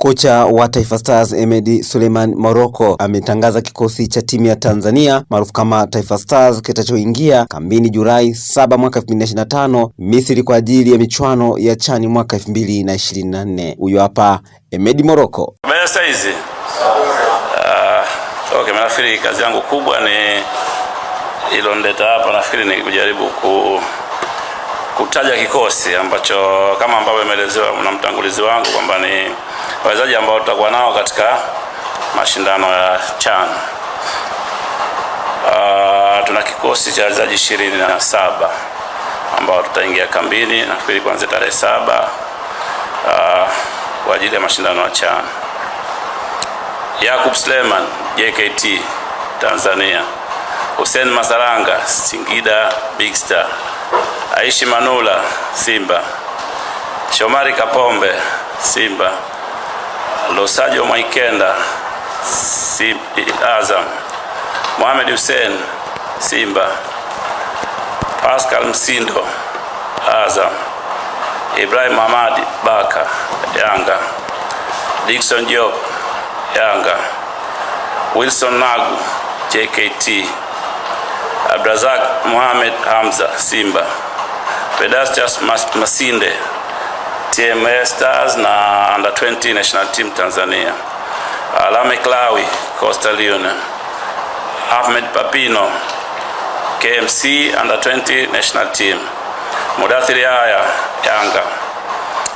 Kocha wa Taifa Stars Hemed Suleiman Morocco ametangaza kikosi cha timu ya Tanzania maarufu kama Taifa Stars kitachoingia kambini Julai 7 mwaka 2025 Misri kwa ajili ya michuano ya chani mwaka 2024. Huyo hapa Hemed Morocco. Saizi uh, okay, nafikiri kazi yangu kubwa ni ilondeta hapa, nafikiri ni kujaribu ku kutaja kikosi ambacho kama ambavyo imeelezewa na mtangulizi wangu kwamba ni wachezaji ambao tutakuwa nao katika mashindano ya CHAN. Uh, tuna kikosi cha wachezaji ishirini na saba ambao tutaingia kambini nafikiri kuanzia tarehe saba uh, kwa ajili ya mashindano ya CHAN. Yakub Sleman JKT Tanzania, Hussein Masaranga Singida Big Star Aishi Manula Simba, Shomari Kapombe Simba, Losajo Mwaikenda Simba, Azam, Mohamed Hussein Simba, Pascal Msindo Azam, Ibrahim Hamadi Baka Yanga, Dickson Job Yanga, Wilson Nagu JKT, Abdrazak Mohamed Hamza Simba Pedastus Masinde TMA Stars na under 20 national team Tanzania, Alame Klawi Coastal Union, Ahmed Papino KMC under 20 national team, Mudathiri Aya Yanga,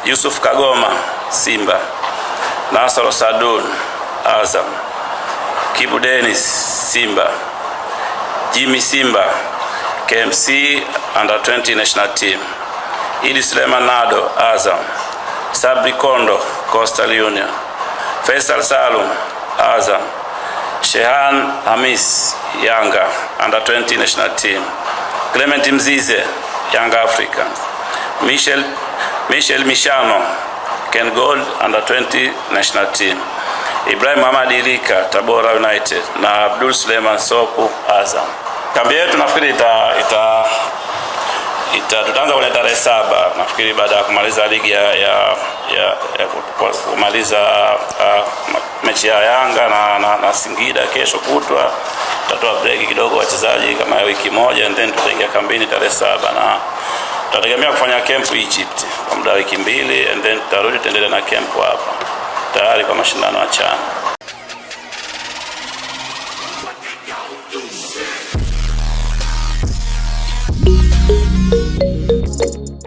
Yusuf Kagoma Simba, Nasoro Sadun Azam, Kibu Dennis Simba, Jimmy Simba KMC under 20 national team. Idi Suleiman Nado Azam, Sabri Kondo Coastal Union, Faisal Salum Azam, Shehan Hamis Yanga under 20 national team, Clement Mzize Young Africans, Michel Michel Mishano Ken Gold under 20 national team, Ibrahim Hamad Ilika Tabora United na Abdul Suleiman Sopu Azam kambi yetu nafikiri ita, ita, ita tutaanza kwenye tarehe saba nafikiri baada ya kumaliza ligi ya, ya, ya, ya kumaliza uh, mechi ya Yanga na, na, na Singida kesho kutwa tutatoa break kidogo wachezaji kama ya wiki moja and then tutaingia kambini tarehe saba na tutategemea kufanya camp Egypt kwa muda wa wiki mbili and then tutarudi tuendelee na camp hapa tayari kwa mashindano ya CHAN.